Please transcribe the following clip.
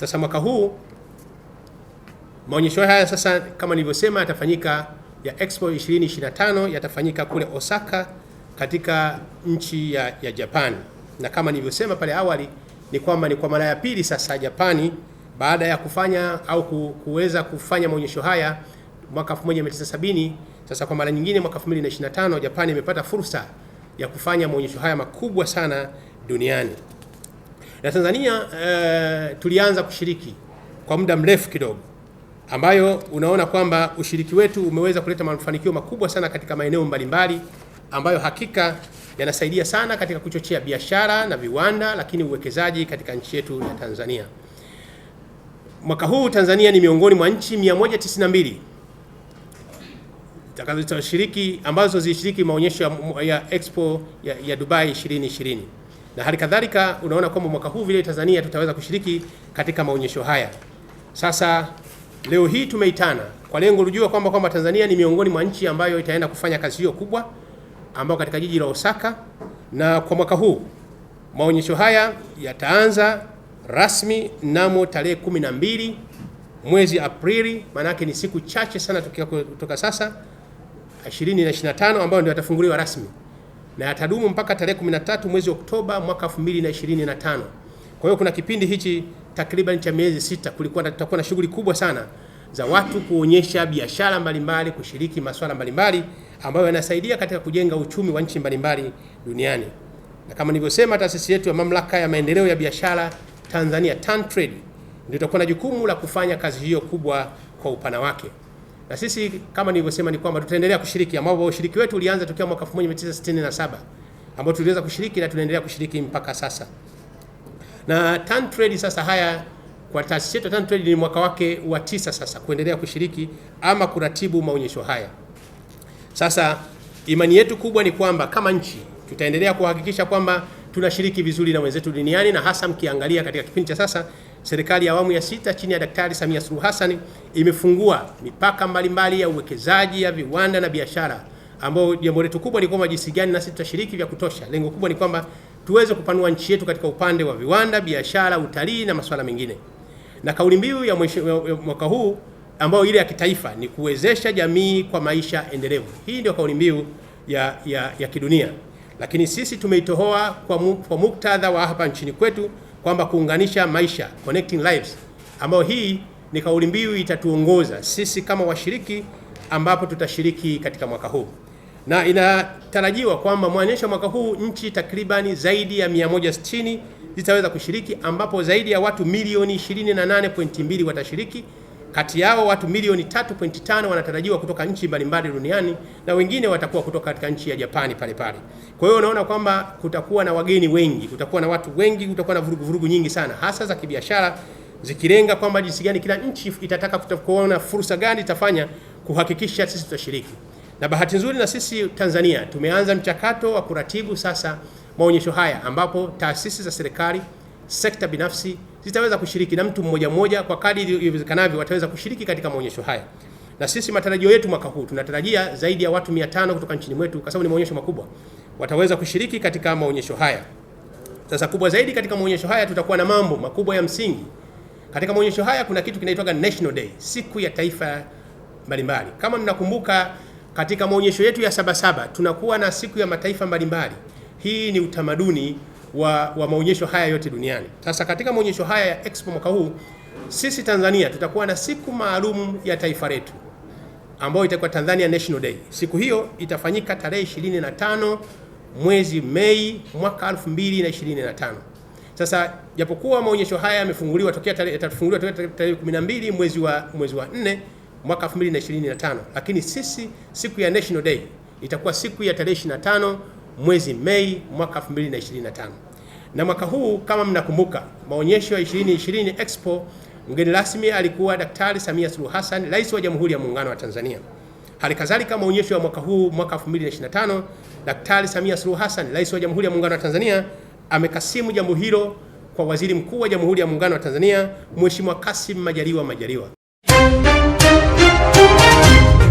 Sasa mwaka huu maonyesho haya sasa, kama nilivyosema, yatafanyika ya Expo 2025 yatafanyika kule Osaka katika nchi ya, ya Japan, na kama nilivyosema pale awali ni kwamba ni kwa mara ya pili sasa Japani baada ya kufanya au kuweza kufanya maonyesho haya mwaka 1970 sasa kwa mara nyingine mwaka 2025 Japani imepata fursa ya kufanya maonyesho haya makubwa sana duniani na Tanzania eh, tulianza kushiriki kwa muda mrefu kidogo, ambayo unaona kwamba ushiriki wetu umeweza kuleta mafanikio makubwa sana katika maeneo mbalimbali ambayo hakika yanasaidia sana katika kuchochea biashara na viwanda, lakini uwekezaji katika nchi yetu ya Tanzania. Mwaka huu Tanzania ni miongoni mwa nchi 192 shiriki ambazo zilishiriki maonyesho ya, ya Expo ya, ya Dubai 2020 na hali kadhalika unaona kwamba mwaka huu vile Tanzania tutaweza kushiriki katika maonyesho haya. Sasa leo hii tumeitana kwa lengo lujua kwamba kwamba Tanzania ni miongoni mwa nchi ambayo itaenda kufanya kazi hiyo kubwa ambayo katika jiji la Osaka, na kwa mwaka huu maonyesho haya yataanza rasmi mnamo tarehe 12 mwezi Aprili, maanake ni siku chache sana kutoka sasa, 20 na 25 ambayo ndio yatafunguliwa rasmi na yatadumu mpaka tarehe 13 mwezi Oktoba mwaka 2025. Kwa hiyo kuna kipindi hichi takriban cha miezi sita, kulikuwa tutakuwa na shughuli kubwa sana za watu kuonyesha biashara mbalimbali, kushiriki masuala mbalimbali ambayo yanasaidia katika kujenga uchumi wa nchi mbalimbali duniani. Na kama nilivyosema, taasisi yetu ya Mamlaka ya Maendeleo ya Biashara Tanzania TanTrade ndio itakuwa na jukumu la kufanya kazi hiyo kubwa kwa upana wake na sisi kama nilivyosema ni kwamba tutaendelea kushiriki, ambao ushiriki wetu ulianza tokea mwaka 1967 ambao tuliweza kushiriki na tunaendelea kushiriki mpaka sasa. Na Trade sasa haya kwa taasisi yetu Trade ni mwaka wake wa tisa sasa kuendelea kushiriki ama kuratibu maonyesho haya. Sasa imani yetu kubwa ni kwamba kama nchi tutaendelea kuhakikisha kwamba tunashiriki vizuri na wenzetu duniani na hasa mkiangalia katika kipindi cha sasa Serikali ya awamu ya sita chini ya Daktari Samia Suluhu Hassan imefungua mipaka mbalimbali ya uwekezaji ya viwanda na biashara, ambao jambo letu kubwa ni kwamba jinsi gani nasi tutashiriki vya kutosha. Lengo kubwa ni kwamba tuweze kupanua nchi yetu katika upande wa viwanda, biashara, utalii na masuala mengine. Na kauli mbiu ya mwaka huu ambayo ile ya kitaifa ni kuwezesha jamii kwa maisha endelevu. Hii ndio kauli mbiu ya, ya, ya kidunia, lakini sisi tumeitohoa kwa, mu, kwa muktadha wa hapa nchini kwetu kwamba kuunganisha maisha, connecting lives, ambayo hii ni kauli mbiu itatuongoza sisi kama washiriki, ambapo tutashiriki katika mwaka huu, na inatarajiwa kwamba maonyesho mwaka huu nchi takribani zaidi ya 160 zitaweza kushiriki, ambapo zaidi ya watu milioni 28.2 watashiriki. Kati yao watu milioni 3.5 wanatarajiwa kutoka nchi mbalimbali duniani na wengine watakuwa kutoka katika nchi ya Japani pale pale. Kwa hiyo unaona kwamba kutakuwa na wageni wengi, kutakuwa na watu wengi, kutakuwa na vurugu vurugu nyingi sana, hasa za kibiashara, zikilenga kwamba jinsi gani kila nchi itataka kuona fursa gani itafanya kuhakikisha sisi tutashiriki. Na bahati nzuri na sisi Tanzania tumeanza mchakato wa kuratibu sasa maonyesho haya ambapo taasisi za serikali, sekta binafsi zitaweza kushiriki na mtu mmoja mmoja kwa kadi iwezekanavyo wataweza kushiriki katika maonyesho haya. Na sisi matarajio yetu mwaka huu tunatarajia zaidi ya watu 500 kutoka nchini mwetu, kwa sababu ni maonyesho makubwa, wataweza kushiriki katika maonyesho haya. Sasa kubwa zaidi katika maonyesho haya tutakuwa na mambo makubwa ya msingi. Katika maonyesho haya kuna kitu kinaitwa National Day, siku ya taifa mbalimbali. Kama mnakumbuka katika maonyesho yetu ya Sabasaba tunakuwa na siku ya mataifa mbalimbali. Hii ni utamaduni wa, wa maonyesho haya yote duniani. Sasa katika maonyesho haya ya Expo mwaka huu sisi Tanzania tutakuwa na siku maalum ya taifa letu ambayo itakuwa Tanzania National Day. Siku hiyo itafanyika tarehe 25 mwezi Mei mwaka 2025. Sasa japokuwa maonyesho haya yamefunguliwa tokea tarehe yatafunguliwa tokea tarehe 12 mwezi wa mwezi wa 4 mwaka 2025, lakini sisi siku ya National Day itakuwa siku ya tarehe 25 mwezi Mei mwaka 2025. Na mwaka huu kama mnakumbuka, maonyesho ya 2020 Expo, mgeni rasmi alikuwa Daktari Samia Suluhu Hassan, Rais wa Jamhuri ya Muungano wa Tanzania. Halikadhalika, maonyesho ya mwaka huu mwaka 2025, Daktari Samia Suluhu Hassan, Rais wa Jamhuri ya Muungano wa Tanzania, amekasimu jambo hilo kwa Waziri Mkuu wa Jamhuri ya Muungano wa Tanzania, Mheshimiwa Kassim Majaliwa Majaliwa.